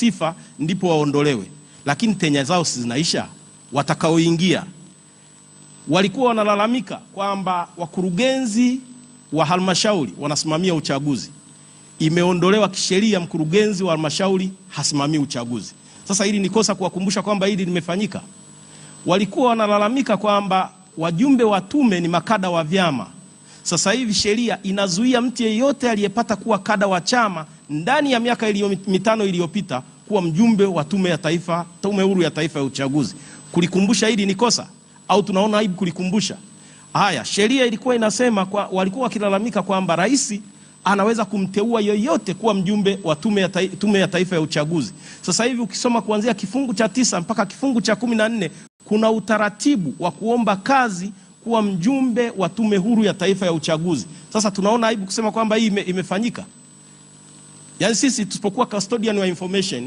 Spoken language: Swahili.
sifa ndipo waondolewe, lakini tenya zao zinaisha. Watakaoingia walikuwa wanalalamika kwamba wakurugenzi wa halmashauri wanasimamia uchaguzi. Imeondolewa kisheria, mkurugenzi wa halmashauri hasimamii uchaguzi. Sasa hili ni kosa kuwakumbusha kwamba hili limefanyika. Walikuwa wanalalamika kwamba wajumbe wa tume ni makada wa vyama. Sasa hivi sheria inazuia mtu yeyote aliyepata kuwa kada wa chama ndani ya miaka iliyo mitano iliyopita kuwa mjumbe wa tume ya taifa, tume huru ya taifa ya uchaguzi. Kulikumbusha hili ni kosa au tunaona aibu kulikumbusha? Haya, sheria ilikuwa inasema kwa, walikuwa wakilalamika kwamba rais anaweza kumteua yoyote kuwa mjumbe wa tume ya, taifa, tume ya taifa ya uchaguzi. Sasa hivi ukisoma kuanzia kifungu cha tisa mpaka kifungu cha kumi na nne kuna utaratibu wa kuomba kazi kuwa mjumbe wa tume huru ya taifa ya uchaguzi. Sasa tunaona aibu kusema kwamba hii ime, imefanyika. Yaani sisi tusipokuwa custodian wa information